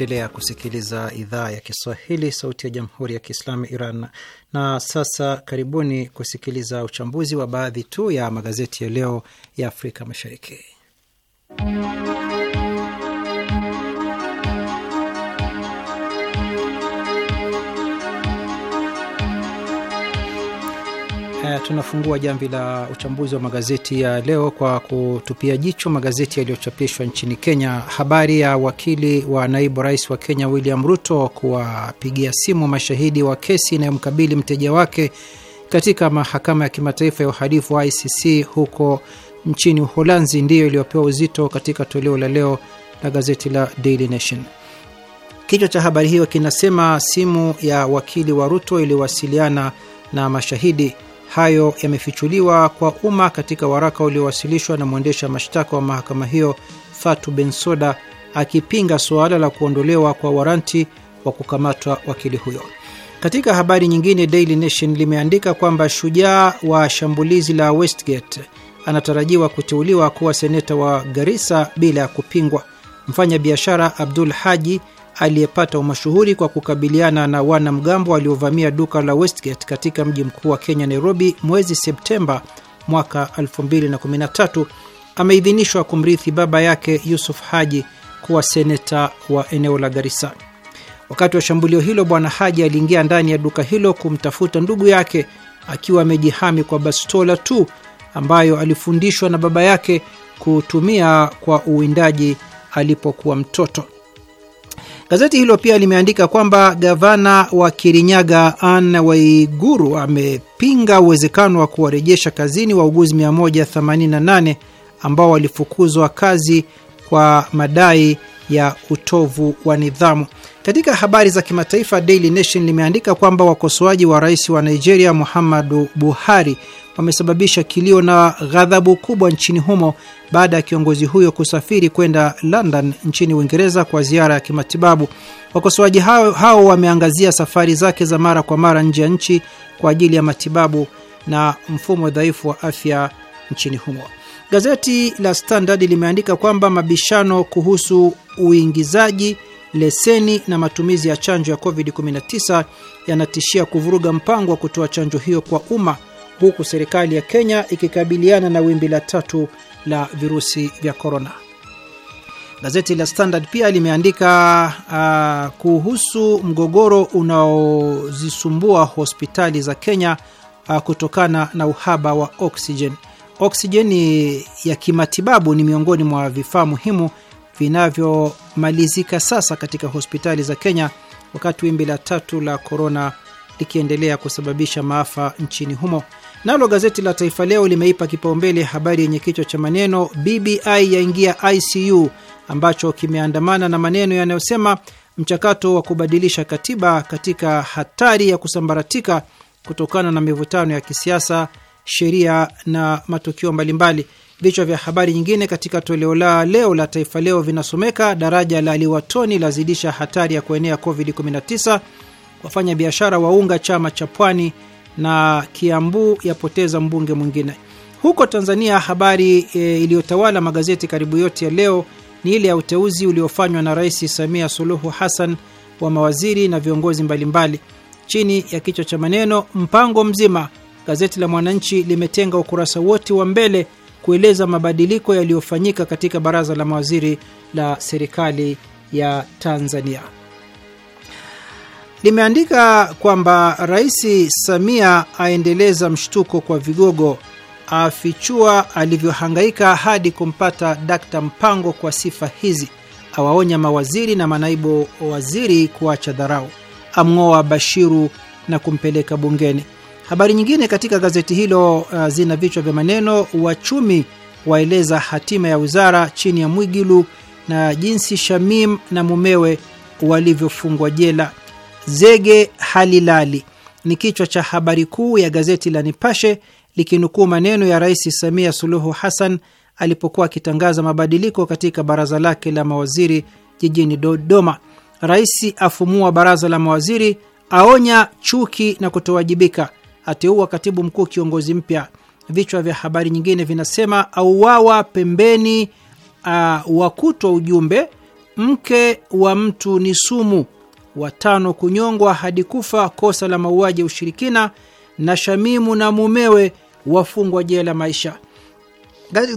Unaendelea kusikiliza idhaa ya Kiswahili, sauti ya jamhuri ya kiislamu Iran. Na sasa karibuni kusikiliza uchambuzi wa baadhi tu ya magazeti ya leo ya Afrika Mashariki. Eh, tunafungua jamvi la uchambuzi wa magazeti ya leo kwa kutupia jicho magazeti yaliyochapishwa nchini Kenya. Habari ya wakili wa naibu rais wa Kenya William Ruto kuwapigia simu mashahidi wa kesi inayomkabili mteja wake katika mahakama ya kimataifa ya uhalifu wa ICC huko nchini Uholanzi ndiyo iliyopewa uzito katika toleo la leo la gazeti la Daily Nation. Kichwa cha habari hiyo kinasema simu ya wakili wa Ruto iliwasiliana na mashahidi. Hayo yamefichuliwa kwa umma katika waraka uliowasilishwa na mwendesha mashtaka wa mahakama hiyo Fatu Bensoda akipinga suala la kuondolewa kwa waranti wa kukamatwa wakili huyo. Katika habari nyingine, Daily Nation limeandika kwamba shujaa wa shambulizi la Westgate anatarajiwa kuteuliwa kuwa seneta wa Garissa bila ya kupingwa. Mfanya biashara Abdul Haji aliyepata umashuhuri kwa kukabiliana na wanamgambo waliovamia duka la Westgate katika mji mkuu wa Kenya, Nairobi, mwezi Septemba mwaka 2013 ameidhinishwa kumrithi baba yake Yusuf Haji kuwa seneta wa eneo la Garissa. Wakati wa shambulio hilo, Bwana Haji aliingia ndani ya duka hilo kumtafuta ndugu yake akiwa amejihami kwa bastola tu ambayo alifundishwa na baba yake kutumia kwa uwindaji alipokuwa mtoto. Gazeti hilo pia limeandika kwamba gavana wa Kirinyaga Anne Waiguru amepinga uwezekano wa kuwarejesha kazini wauguzi 188 ambao walifukuzwa kazi kwa madai ya utovu wa nidhamu. Katika habari za kimataifa, Daily Nation limeandika kwamba wakosoaji wa rais wa Nigeria Muhammadu Buhari wamesababisha kilio na ghadhabu kubwa nchini humo baada ya kiongozi huyo kusafiri kwenda London nchini Uingereza kwa ziara ya kimatibabu. Wakosoaji hao, hao wameangazia safari zake za mara kwa mara nje ya nchi kwa ajili ya matibabu na mfumo dhaifu wa afya nchini humo. Gazeti la Standard limeandika kwamba mabishano kuhusu uingizaji, leseni na matumizi ya chanjo ya COVID-19 yanatishia kuvuruga mpango wa kutoa chanjo hiyo kwa umma huku serikali ya Kenya ikikabiliana na wimbi la tatu la virusi vya korona. Gazeti la Standard pia limeandika uh, kuhusu mgogoro unaozisumbua hospitali za Kenya uh, kutokana na uhaba wa oksijeni. Oksijeni ya kimatibabu ni miongoni mwa vifaa muhimu vinavyomalizika sasa katika hospitali za Kenya wakati wimbi la tatu la korona likiendelea kusababisha maafa nchini humo. Nalo gazeti la Taifa Leo limeipa kipaumbele habari yenye kichwa cha maneno BBI yaingia ICU, ambacho kimeandamana na maneno yanayosema mchakato wa kubadilisha katiba katika hatari ya kusambaratika kutokana na mivutano ya kisiasa, sheria na matukio mbalimbali. Vichwa vya habari nyingine katika toleo la leo la Taifa Leo vinasomeka: daraja la Liwatoni lazidisha hatari ya kuenea COVID-19, wafanya biashara waunga chama cha Pwani na Kiambu yapoteza mbunge mwingine. Huko Tanzania, habari e, iliyotawala magazeti karibu yote ya leo ni ile ya uteuzi uliofanywa na Rais Samia Suluhu Hassan wa mawaziri na viongozi mbalimbali. Chini ya kichwa cha maneno mpango mzima, gazeti la Mwananchi limetenga ukurasa wote wa mbele kueleza mabadiliko yaliyofanyika katika baraza la mawaziri la serikali ya Tanzania limeandika kwamba Rais Samia aendeleza mshtuko kwa vigogo, afichua alivyohangaika hadi kumpata Dakta Mpango kwa sifa hizi, awaonya mawaziri na manaibu waziri kuacha dharau, amng'oa Bashiru na kumpeleka bungeni. Habari nyingine katika gazeti hilo uh, zina vichwa vya maneno: wachumi waeleza hatima ya wizara chini ya Mwigilu na jinsi Shamim na mumewe walivyofungwa jela Zege halilali ni kichwa cha habari kuu ya gazeti la Nipashe likinukuu maneno ya Rais Samia Suluhu Hassan alipokuwa akitangaza mabadiliko katika baraza lake la mawaziri jijini Dodoma. Rais afumua baraza la mawaziri, aonya chuki na kutowajibika, ateua katibu mkuu kiongozi mpya. Vichwa vya habari nyingine vinasema: auawa pembeni, uh, wakutwa ujumbe, mke wa mtu ni sumu watano kunyongwa hadi kufa kosa la mauaji ya ushirikina, na Shamimu na mumewe wafungwa jela maisha.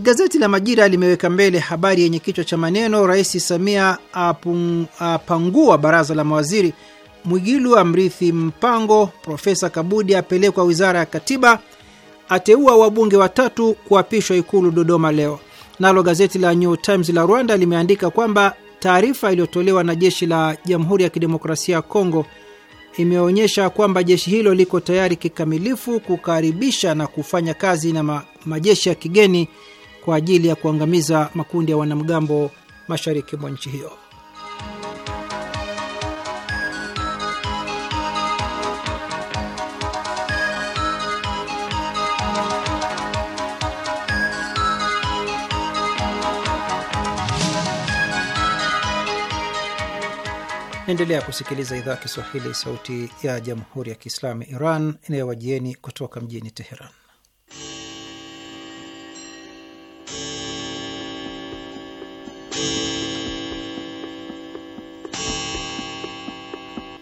Gazeti la Majira limeweka mbele habari yenye kichwa cha maneno, Rais Samia apung, apangua baraza la mawaziri, Mwigilu amrithi mpango, Profesa Kabudi apelekwa wizara ya katiba, ateua wabunge watatu kuapishwa Ikulu Dodoma leo. Nalo gazeti la New Times la Rwanda limeandika kwamba Taarifa iliyotolewa na jeshi la Jamhuri ya Kidemokrasia ya Kongo imeonyesha kwamba jeshi hilo liko tayari kikamilifu kukaribisha na kufanya kazi na ma majeshi ya kigeni kwa ajili ya kuangamiza makundi ya wanamgambo mashariki mwa nchi hiyo. Naendelea kusikiliza idhaa ya Kiswahili, sauti ya jamhuri ya kiislamu Iran inayowajieni kutoka mjini Teheran.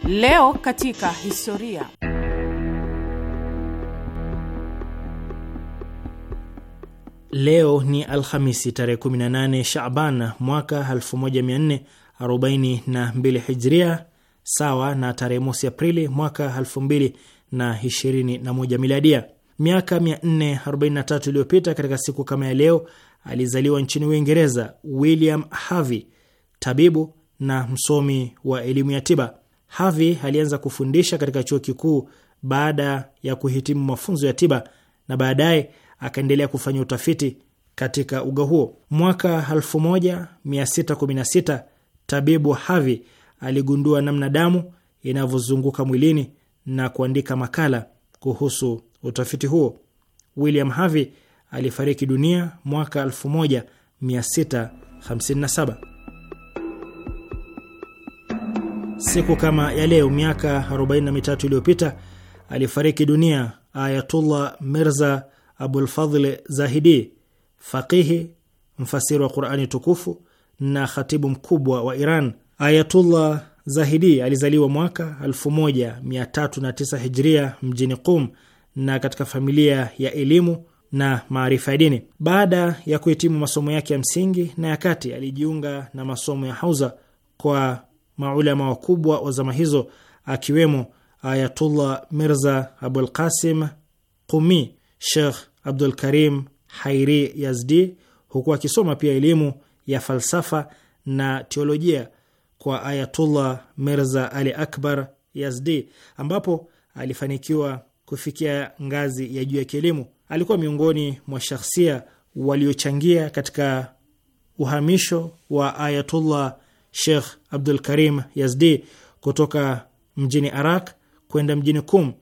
Leo katika historia. Leo ni Alhamisi tarehe 18 Shaban mwaka 42 hijria sawa na tarehe mosi Aprili mwaka 2021 miladia. Miaka 443 iliyopita katika siku kama ya leo alizaliwa nchini Uingereza William Harvey, tabibu na msomi wa elimu ya tiba. Harvey alianza kufundisha katika chuo kikuu baada ya kuhitimu mafunzo ya tiba na baadaye akaendelea kufanya utafiti katika uga huo. Mwaka tabibu Harvey aligundua namna damu inavyozunguka mwilini na kuandika makala kuhusu utafiti huo. William Harvey alifariki dunia mwaka 1657. Siku kama ya leo miaka 43 iliyopita alifariki dunia Ayatullah Mirza Abulfadhl Zahidi, faqihi, mfasiri wa Qurani tukufu na khatibu mkubwa wa Iran. Ayatullah Zahidi alizaliwa mwaka 1309 hijria mjini Qum na katika familia ya elimu na maarifa ya dini. Baada ya kuhitimu masomo yake ya msingi na ya kati, alijiunga na masomo ya hauza kwa maulama wakubwa wa zama hizo akiwemo Ayatullah Mirza Abul Qasim Qumi, Sheikh Abdul Karim Hairi Yazdi, huku akisoma pia elimu ya falsafa na teolojia kwa Ayatullah Mirza Ali Akbar Yazdi, ambapo alifanikiwa kufikia ngazi ya juu ya kielimu. Alikuwa miongoni mwa shakhsia waliochangia katika uhamisho wa Ayatullah Sheikh Abdul Karim Yazdi kutoka mjini Arak kwenda mjini Kum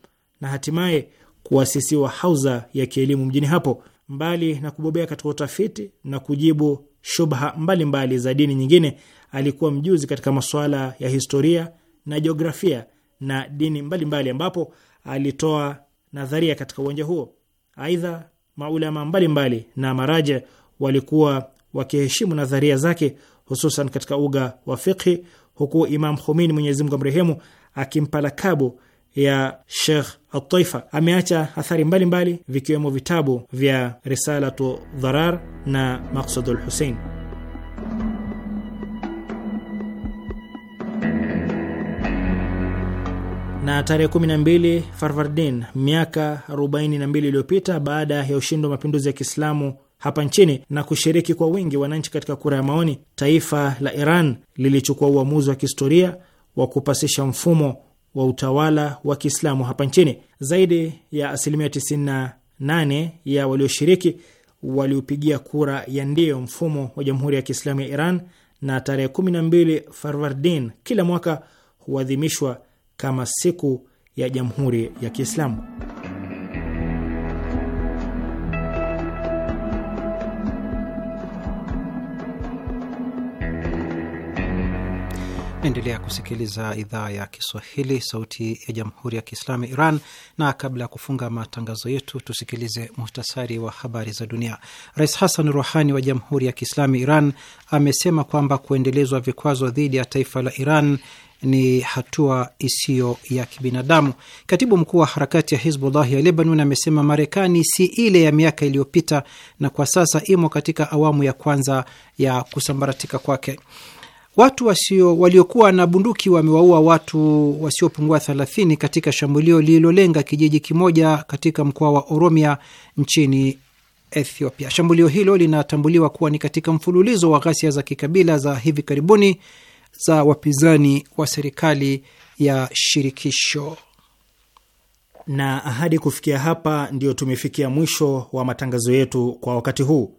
na hatimaye kuasisiwa hauza ya kielimu mjini hapo. Mbali na kubobea katika utafiti na kujibu shubha mbalimbali mbali za dini nyingine. Alikuwa mjuzi katika masuala ya historia na jiografia na dini mbalimbali mbali, ambapo alitoa nadharia katika uwanja huo. Aidha, maulama mbalimbali mbali na maraja walikuwa wakiheshimu nadharia zake hususan katika uga wa fiqhi, huku Imam Khomeini, Mwenyezi Mungu amrehemu, akimpa lakabu ya Sheikh Ataifa ameacha athari mbalimbali vikiwemo vitabu vya Risalatu Dharar na Maqsadul Husein. Na tarehe 12 Farvardin, miaka 42 iliyopita baada ya ushindi wa mapinduzi ya Kiislamu hapa nchini na kushiriki kwa wingi wananchi katika kura ya maoni, taifa la Iran lilichukua uamuzi wa kihistoria wa kupasisha mfumo wa utawala wa Kiislamu hapa nchini. Zaidi ya asilimia 98 ya walioshiriki waliopigia kura ya ndio mfumo wa Jamhuri ya Kiislamu ya Iran, na tarehe 12 Farvardin kila mwaka huadhimishwa kama siku ya Jamhuri ya Kiislamu. Naendelea kusikiliza idhaa ya Kiswahili, sauti ya jamhuri ya kiislamu ya Iran. Na kabla ya kufunga matangazo yetu, tusikilize muhtasari wa habari za dunia. Rais Hassan Ruhani wa Jamhuri ya Kiislamu ya Iran amesema kwamba kuendelezwa vikwazo dhidi ya taifa la Iran ni hatua isiyo ya kibinadamu. Katibu mkuu wa harakati ya Hizbullah ya Lebanon amesema Marekani si ile ya miaka iliyopita na kwa sasa imo katika awamu ya kwanza ya kusambaratika kwake. Watu wasio waliokuwa na bunduki wamewaua watu wasiopungua 30 katika shambulio lililolenga kijiji kimoja katika mkoa wa Oromia nchini Ethiopia. Shambulio hilo linatambuliwa kuwa ni katika mfululizo wa ghasia za kikabila za hivi karibuni za wapinzani wa serikali ya shirikisho. Na hadi kufikia hapa, ndio tumefikia mwisho wa matangazo yetu kwa wakati huu.